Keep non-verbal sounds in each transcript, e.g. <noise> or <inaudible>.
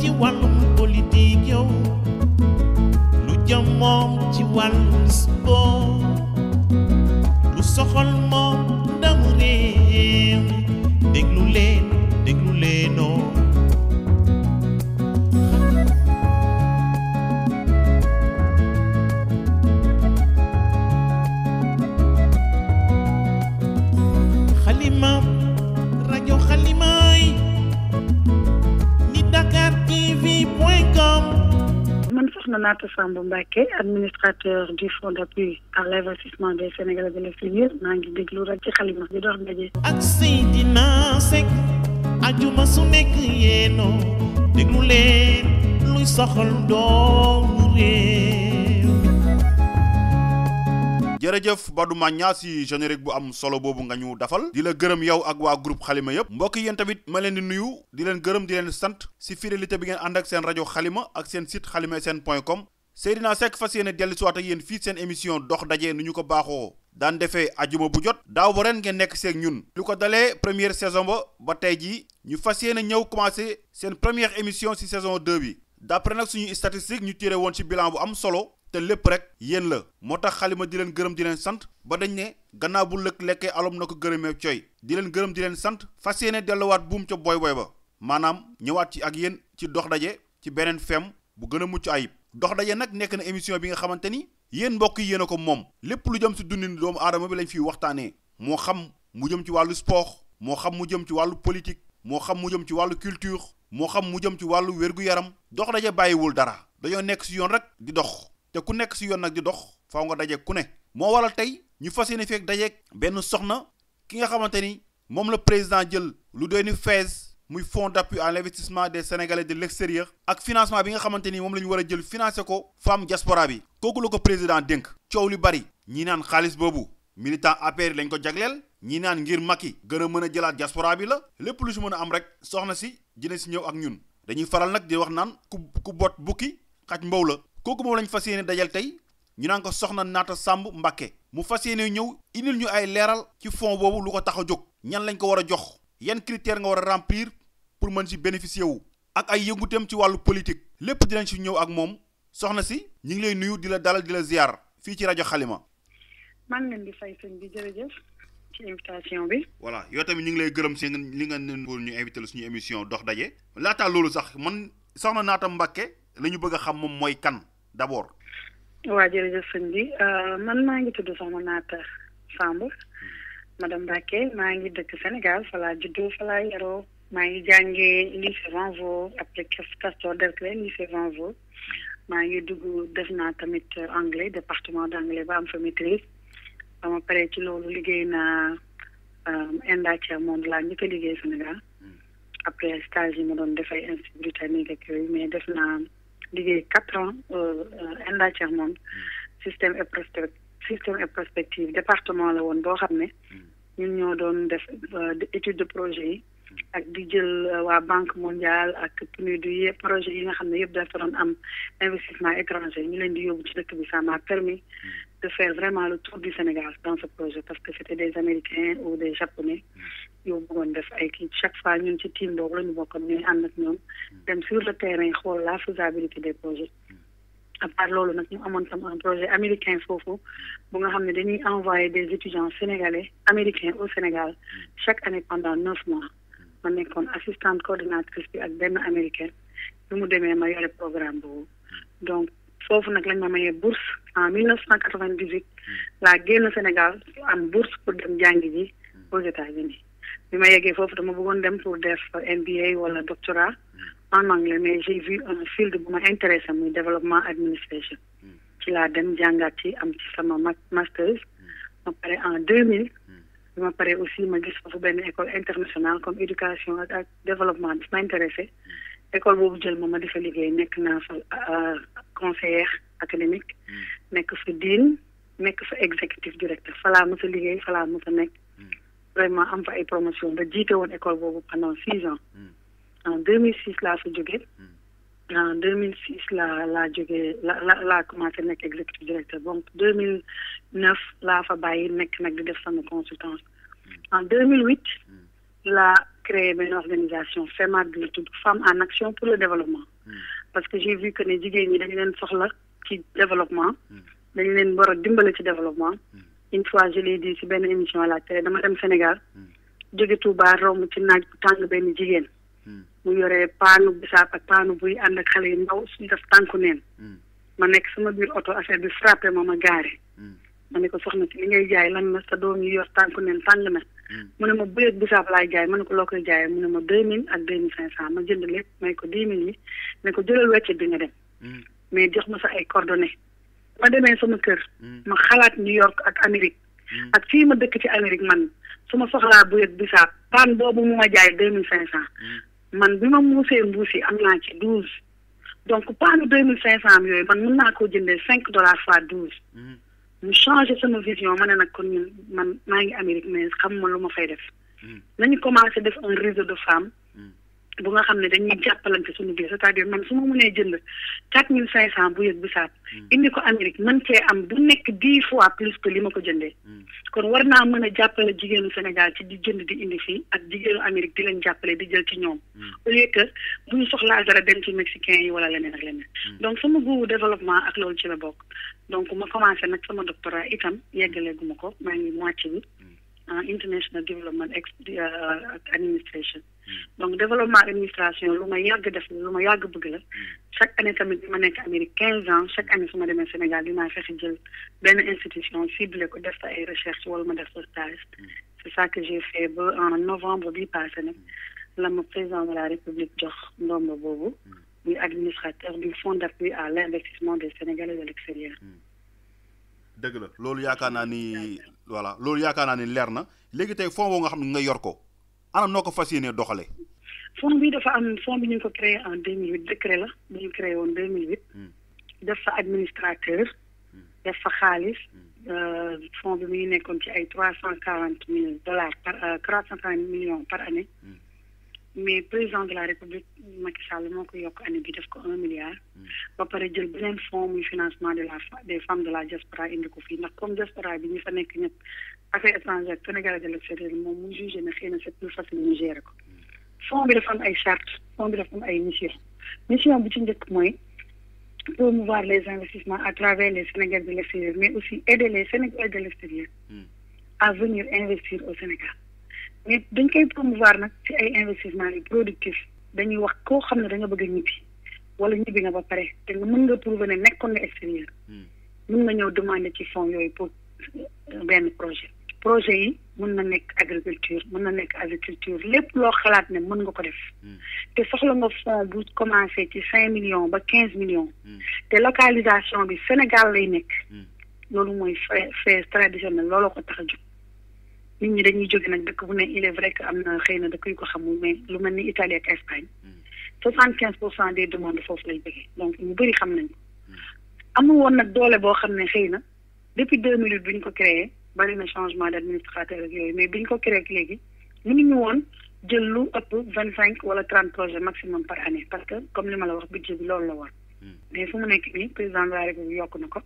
ci wàllum politique yow lu jëm moom ci wàllum sport administrateur du fonds d'appui à l'investissement des Sénégalais de l'Est jërëjëf Badou Magna si générique bu am solo boobu nga ñu dafal di la gërëm yow ak waa groupe xalima yëpp mbokk yéen tamit ma leen di nuyu di leen gërëm di leen sant si fidélité bi ngeen ànd ak seen rajo xalima ak seen site xalima sn point com Seydina Seck fas yéene dellu si ak yéen fii seen émission dox daje nu ñu ko baaxoo daan defee ajuma bu jot daaw ba ren ngeen nekk seeg ñun lu ko dalee première saison ba ba tey jii ñu fas yéene ñëw commencé seen première émission si saison 2 bi d'après nag suñu statistique ñu tiré woon ci bilan bu am solo te lépp rek yéen la moo tax xalima di leen gërëm di leen sant ba dañ ne gannaaw bu lëkk lekkee aloom na ko gërëmee coy di leen gërëm di leen sant fas yéene delluwaat buum ca booy booy ba maanaam ñëwaat ci ak yéen ci dox daje ci beneen fem bu gën a mucc ayib dox daje nag nekk na émission bi nga xamante ni yéen mbokk yi yéen a ko moom lépp lu jëm si dundin doomu aadama bi lañ fiy waxtaanee moo xam mu jëm ci wàllu sport moo xam mu jëm ci wàllu politique moo xam mu jëm ci wàllu culture moo xam mu jëm ci wàllu wér yaram dox daje bàyyiwul dara dañoo nekk si yoon rek di dox te ku nekk si yoon nag di dox faaw nga dajeeg ku ne moo waral tey ñu fas yéene feek dajeeg benn soxna ki nga xamante ni moom la président jël lu doy ni FAISE muy fonds d'appui à l'investissement des sénégalais de l'extérieur ak financement bi nga xamante ni moom la ñu war a jël financé ko femme diaspora bi kooku la ko président dénk coow lu bari ñi naan xaalis boobu militant APR lañ ko jagleel ñi naan ngir Macky gën a mën a jëlaat diaspora bi la lépp lu si mën a am rek soxna si dina si ñëw ak ñun dañuy faral nag di wax naan ku ku bot bukki xaj mbow la kooku moom lañu fas yéene dajal tey ñu naan ko soxna Naata Samb Mbacke mu fas yéene ñëw indil ñu ay leeral ci fon boobu lu ko tax a jóg ñan lañ ko war a jox yan critère nga war a remplir pour mën ci bénéficier wu ak ay yënguteem ci wàllu politique lépp dinañ ci ñëw ak moom soxna si ñu ngi lay nuyu di la dalal di la ziar fii ci rajo xalima maa ngi leen di bi jërëjëf ci invitation yoo tamit ñu ngi lay gërëm seen li nga ne pour ñu invité la suñu émission dox daje. laataa loolu sax man soxna Naata Mbacke la ñu bëgg a xam moom mooy kan d' waa jërëjëf sëñ bi euh, man maa ngi tudd soxna Naata Samb madame Mbacké maa ngi dëkk Sénégal fa laa juddoo fa laa yaroo maa ngi jàngee lycée Vanvo après Castor Derklé lycée Vanvo maa ngi dugg def naa tamit anglais departement d' anglais ba am fa maîtrise ba ma ci loolu liggéey naa Enda euh, Tiers Monde laa ñu ko liggéey Sénégal hmm. après stage yi ma doon def ay britannique ak yooyu mais def naa. liggéey quatre ans inda euh, moom hmm. système et prospect système et prospective département la woon boo xam ne hmm. ñun ñoo euh, étude de projet avec hmm. ak di jël euh, banque mondiale ak PNUD yi projet yi nga xam ne am investissement étranger ñu di ci dëkk bi ça m'a permis de faire vraiment le tour du Sénégal dans ce projet parce que c'était des Américains ou des Japonais bu bëggoon def ay kii chaque fois ñun ci team boobu la ñu bokkoon ñooy ànd ak ñoom hmm. dem sur le terrain xool la faisabilité des projets hmm. à part loolu nag ñu amoon tam un projet américain foofu bu nga xam ne dañuy envoyé des étudiants sénégalais américains au Sénégal hmm. chaque année pendant neuf mois ma nekkoon assistante coordinatrice bi ak benn américain bi mu demee ma yore programme boobu donc foofu nag lañ ma mayee bourse en 1998 la génn Sénégal am bourse pour dem jàngi ji aux États-Unis bi ma yeggee foofu dama bëggoon dem pour def MBA wala doctorat en anglais mais j'ai vu un field bu ma intéressé muy développement administration ci laa dem jàngaat ci am ci sama masters ma pare en 2000. mille bi ma pare aussi ma gis foofu benn école internationale comme éducation ak développement bi ma intéressé école boobu jël ma ma di fa liggéey nekk naa fa euh, conseillère académique hmm. nekk fa dean nekk fa executive directeur falaa ma sa liggéey falaa ma sa nekk vraiment am fa ay promotion Je suis won école bobu pendant 6 ans hmm. en 2006 laa fa jóge hmm. en 2006 la la jógee la la la commencé directeur donc 2009 la fa bàyyi nek nak di def sama consultance hmm. en 2008 e la créé une organisation Femme Femmes en action pour le développement parce que j'ai vu que les jigéen ñi dañ leen soxla ci développement dañ leen war a ci développement une fois je l'ai si benn émission la télé dama dem Sénégal jóge Touba romb ci naaj bu tàng benn jigéen mu yore paanu bisaab ak paanu buy ànd ak xale yu ndaw suñu def tànku neen ma nekk sama biir oto affaire bi frappé ma ma gaare ma ne ko soxna si li ngay jaay lan na sa doom yi yor tànku neen tàng na mu ne ma buleet bisaab laay jaay ma ne ko loo koy jaaye mu ne ma deux mille ak deux mille cinq cent ma jënd lépp may ko dix yi ne ko jëlal wecc bi nga dem mm. mais jox ma sa ay coordonnées Mwen demen sou mwen kèr, mm. mwen khalat New York ak Amerik. Mm. Ak si mwen dekite Amerik man, sou mwen fok la bouyèd bousa, pan bo mwen mwen mwen djaye 2500. Man, bi mwen mwose mwose, am lantye 12. Donkou pan 2500 mwen, mwen mwen akou jende 5 dolar fwa 12. Mwen chanje se mwen vizyon, mwen en akou mwen mwen nangye Amerik men, skam mwen loun mwen fay def. Mwen mm. ni komanse def an rizou de fam. bu nga xam ne dañuy jàppalante suñu biir c'est-à-dire man su ma mënee jënd quatre mille cinq cent bu yëg bu saab hmm. indi ko Amérique mën cee am bu nekk dix fois plus que li ma ko jëndee hmm. kon war naa mën a jàppale jigéenu Sénégal ci di jënd di indi fii ak jigéenu Amérique di lañ jàppale di jël ci ñoom hmm. au lieu bu ñu soxlaa dara dem ci mexicain yi wala leneen ak leneen donc su ma góobu développement ak loolu ci la bokk donc ma commencé nag sama doctorat itam yeggaleegu ma ko maa ngi moitié bi international development euh, administration donc développement administration lu ma yàgg def lu ma yàgg bëgg la hmm. chaque année tamit bi ma nekk Amérique quinze ans chaque année su ma demee Sénégal dinaa fexe jël benn institution ciblé ko def ay recherche wala ma def sa stage hmm. c'est ça que j'ai fait en novembre du passé nag hmm. la ma président de la République jox ndomb boobu administrateur du fonds d'appui à l'investissement des Sénégalais de l'extérieur dëgg la loolu yaakaar naa ni voilà loolu yaakaar naa ni leer na léegi tey fonds boobu nga xam nga yor ko anam noo ko fas fond bi dafa am fond bi ñu ko créé en 2008 décret la bu ñu créé woon 2008. Hmm. def fa administrateur. Hmm. def fa xaalis. Hmm. Euh, fond bi mu ngi nekkoon ci ay trois cent dollars par euh, trois cent quarante millions par année. mais président de la république Macky Sall moo ko yokk année bi def ko un milliard. Hmm. ba pare jël beneen fonds muy financement de la des femmes de la diaspora indi ko fii ndax comme diaspora bi ñi fa nekk ñëpp affaire étrangère sénégalais de moom mu jugé ne xëy na c'est plus facile ñu ko. Hmm. fonds bi dafa am ay chartes fonds bi dafa am ay mission mission bu ci njëkk mooy promouvoir les investissements à travers les sénégalais de l'extérieur mais aussi aider les sénégalais de l'extérieur hmm. à venir investir au Sénégal. mais dañ koy promouvoir nag ci ay investissement yu productif dañuy wax koo xam ne da nga bëgg a ñibbi wala ñibbi nga ba pare te mën nga prouver ne nekkoon nga extérieur hmm. mën nga ñëw demander ci fonds yooyu pour euh, benn projet projet yi mën na nekk agriculture mën na nekk agriculture lépp loo xalaat ne mën nga ko def hmm. te soxla nga fonds bu commencé ci cinq millions ba quinze millions hmm. te localisation bi Sénégal lay nekk loolu mooy frais traditionnel looloo ko tax a jóg nit ñi dañuy jóge nag dëkk bu ne il est am na xëy na dëkk yu ko xamul mais lu mel ni Italie ak Espagne hmm. soixante quinze pour cent des demandes foofu lay jógee donc ñu bëri xam nañ ko hmm. amul woon nag doole boo xam ne xëy na depuis deux mille buñ bi ko créé bari na changement d' administrateur ak yooyu mais bi ñu ko créé léegi mënuñu woon jël lu ëpp vingt cinq wala trente projets maximum par année parce que comme li ma la wax budget bi loolu la woon hmm. mais nekk président de la yokk na ko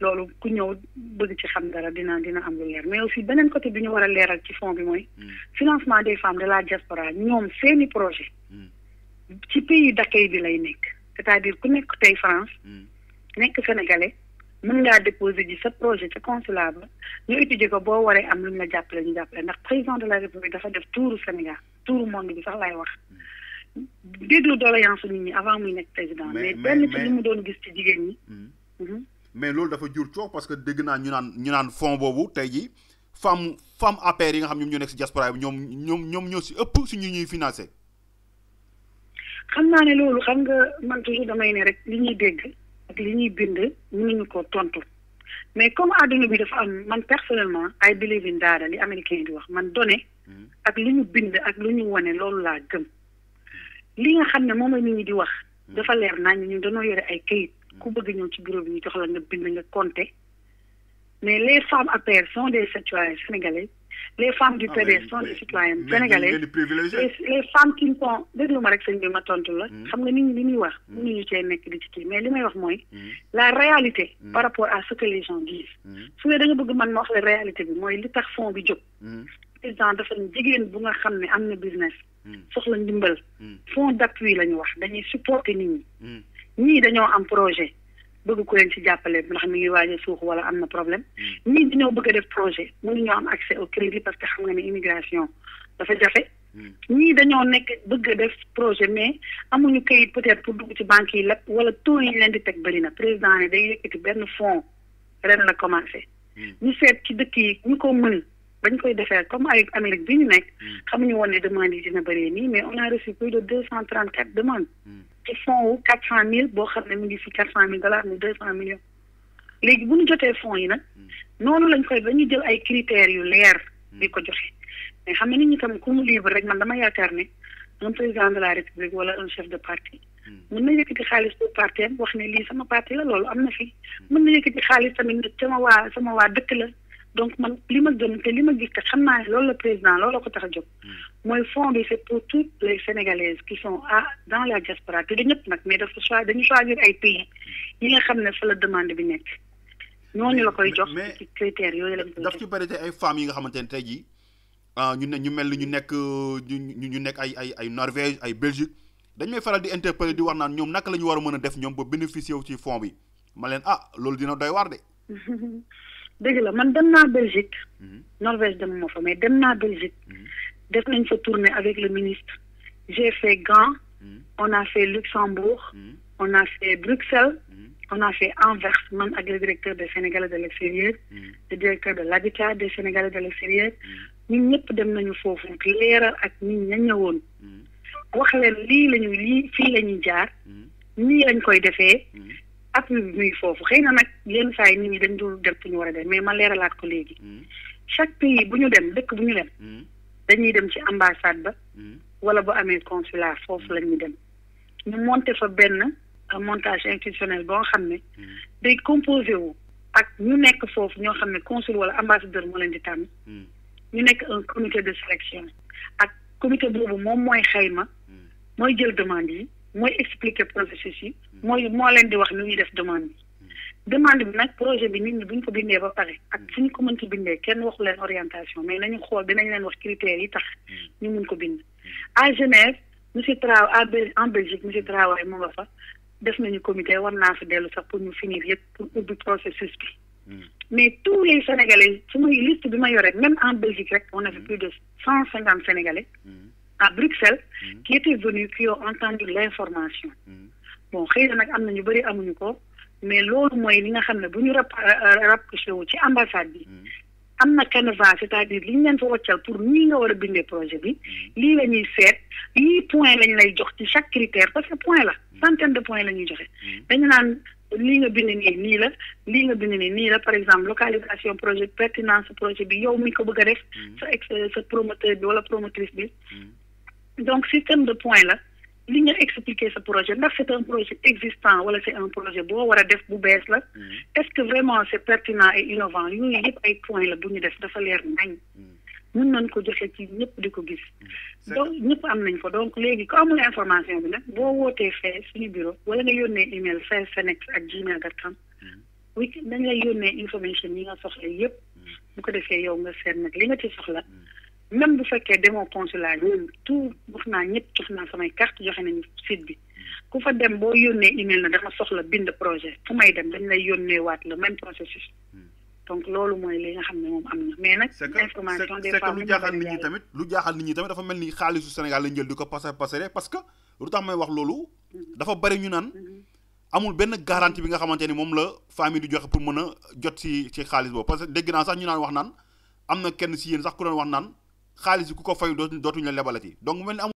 loolu ku ñëw bëgg ci xam dara dina dina am lu leer mais aussi beneen côté bi ñu war a leeral ci fond bi mooy. Hmm. financement des femmes de la diaspora ñoom seeni projet hmm. ci pays d'accueil bi lay nekk. c'est-à-dire ku nekk tey France. Hmm. nekk sénégalais mën ngaa déposer ji sa projet ca consulat ba ñu étudier ko boo waree am lu la jàppale ñu jàppale ndax président de la république dafa def touru Sénégal touru monde bi sax lay wax. déglu doléance nit ñi avant muy nekk président. mais benn ci li mu doon gis ci jigéen ñi. Mhm mais loolu dafa jur coow parce que dégg naa ñu naan ñu naan fond boobu tey ji femme femme APR yi nga xam ñoom ñoo nekk si diaspora bi ñoom ñoom ñoom ñoo si ëpp suñu ñuy financé. xam naa ne loolu xam nga man toujours damay ne rek li ñuy dégg ak li ñuy bind mënuñu ko tontu mais comme àdduna bi dafa am man personnellement ay believe in daada li américain di wax man donné hmm. ak li ñu bind ak lu ñu wane loolu laa gëm li nga xam ne moom la nit ñi di wax hmm. dafa leer naa ñu ñun dañoo yore ay kayit ku bëgg ñëw ci bureau bi ñu jox la nga bind nga compter mais les femmes APR sont des citoyennes sénégalaises les femmes du ah, PDS sont des citoyennes sénégalaises les femmes qui sont déglu ma rek sëñ bi ma tontu la hmm. xam nga nit ñi li ñuy wax hmm. ñu cey nekk di ci kii mais li may wax mooy hmm. la réalité par rapport à ce que les gens disent su dee da nga bëgg man ma wax la réalité bi mooy li tax fond bi jóg président dafa ne jigéen bu nga xam ne am na business soxla ndimbal fond d'appui la ñu wax dañuy supporter nit ñi ñii dañoo am projet bëgg ku leen ci jàppale ndax mi ngi waaj a wala am na problème hmm. ñii dañoo bëgg a def projet mënuñoo am accès au crédit parce que xam nga ne immigration dafa jafe hmm. ñii dañoo nekk bëgg def projet mais amuñu kayit peut-être pour dugg ci banque yi lépp wala taux yi ñu leen di teg bëri na président ne day yëkkati benn fonds ren la commencé hmm. ñu seet ci dëkk yi ñu ko mën bañ koy defee comme ay Amérique bi ñu nekk xamuñu woon ne demande yi dina bëri nii mais on a reçu plus de 234 demandes ci fonds wu quatre cent mille boo xam ne mu ngi si quatre cent mille dollars ni deux cent millions léegi bu ñu jotee fonds yi nag hmm. noonu lañ koy dañuy jël ay critères yu leer bi hmm. ko joxe mais xam ne nit ñi tam ku mu libre rek man dama yaakaar ne un président la la république wala un chef de parti hmm. mën na yëkkati xaalis pour parti am wax ne lii sama parti la loolu am na fi mën na yëkkati xaalis tamit ne sama waa sama waa dëkk la donc man li ma gëm te li ma gis te xam naa ne loolu la président loolu la ko tax a jóg. Hmm. mooy fonds bi c'est pour toutes les sénégalaises qui sont à dans la diaspora te du ñëpp nag mais dafa choisir dañu choisir ay pays yi nga xam ne fa la demande bi nekk ñooñu la koy jox. ci critères yooyu la koy jox daf ci bari ay femmes yi nga xamante ne tey jii ah, ñu ne ñu mel ni ñu nekk ñu ñu nekk ay ay ay Norvège ay Belgique dañ may faral di interpeller di wax naan ñoom naka la ñu war a mën a def ñoom ba bénéficier ci fonds bi ma leen ah loolu dina doy waar de. <laughs> dëgg la man dem Belgique. Mhm. Norvège dem ma fa mais dem Belgique. Mhm. def nañ fa tournée avec le ministre. j'ai fait Gand. Mhm. on a fait Luxembourg. on a fait Bruxelles. on a fait Anvers man le directeur des Sénégalais de l'extérieur. le directeur de l'habitat des Sénégalais de l'extérieur. ñun ñëpp dem nañu foofu leeral ak nit ña ñëwoon. wax leen lii lañu lii fii la ñuy jaar. nii lañ koy appui bi foofu xëy na nag yenn saa yi nit ñi dañ dul dem fu ñu war a dem mais ma leeralaat ko léegi hmm. chaque pays bu ñu dem dëkk bu ñu dem hmm. dañuy dem ci ambassade ba hmm. wala bu amee consulat foofu la ñuy dem ñu monté fa benn euh, montage institutionnel boo xam ne day composé wu ak ñu nekk foofu ñoo xam ne consul wala ambassadeur moo leen di tànn ñu nekk un comité de sélection ak comité boobu moom mooy xayma mooy jël demande yi mooy expliquer processus yi mooy moo leen di wax nu ñuy def demande bi demande bi nag projet bi nit ñi buñ ko bindee ba pare ak mm. fu ko mënti bindee kenn waxu leen orientation mais nañu xool dinañ leen wax critères yi tax mm. ñu mun ko bind. Mm. à Genève monsieur Traoré en Belgique monsieur Traoré mu nga fa def nañu comité war naa fi dellu sax pour ñu finir yëpp pour ubbi processus bi. mais tous les sénégalais su may liste bi ma yore même en Belgique rek on avait plus de cent cinquante sénégalais. à Bruxelles. qui étaient venus qui ont entendu l'information information. bon xëy na nag am na ñu bëri amuñu ko mais loolu mooy li nga xam ne bu ñu rap euh, rapproché wu ci ambassade bi hmm. am na canevas c'est-à-dire li ñu leen fa wàccal pour nii nga war a bindee projet bi hmm. lii la ñuy seet lii point lañ lay jox ci chaque critère parce que point la hmm. centaine de points la joxe dañu naan lii nga bind nii nii la lii nga bind nii nii la par exemple localisation projet pertinence projet bi yow mi ko bëgg def sa ex sa promoteur bi wala promotrice bi donc système de point la li nga expliquer sa projet ndax c'est un projet existant wala c'est un projet boo war a def bu bees la mm-hmm. est-ce que vraiment c'est pertinent et innovant yooyu yëpp ay points la bu ñu def dafa leer nañ mm-hmm. mën nañ ko joxe ci ñëpp di ko gis mm-hmm. donc ñëpp am nañ ko donc léegi ko amul information bi nag boo wootee fee suñu bureau wala nga yónnee email fee senex ak gmail dot com dañ lay yónnee information yi nga soxla yëpp bu ko defee yow nga seet nag li nga ci soxla même bu fekkee demoo consulat loolu tout wax naa ñëpp jox naa samay carte joxe nañu site bi ku fa dem boo yónnee email na dama soxla bind projet fu may dem dañ lay yónnee waat le même processus donc loolu mooy li nga xam ne moom am na mais nag. information des fois lu jaaxal nit tamit lu jaaxal nit ñi tamit dafa mel ni xaalisu Sénégal la jël di ko passer passer parce que lu tax may wax loolu. Mhm. dafa bari ñu naan. Mhm. amul benn garantie bi nga xamante ni moom la famille di joxe pour mën a jot ci ci xaalis boobu parce que dégg sax ñu naan wax naan am na kenn ci yéen sax ku doon wax xaalis yi ku ko fayu dootuñ dootuñ la lebalati donc mel ni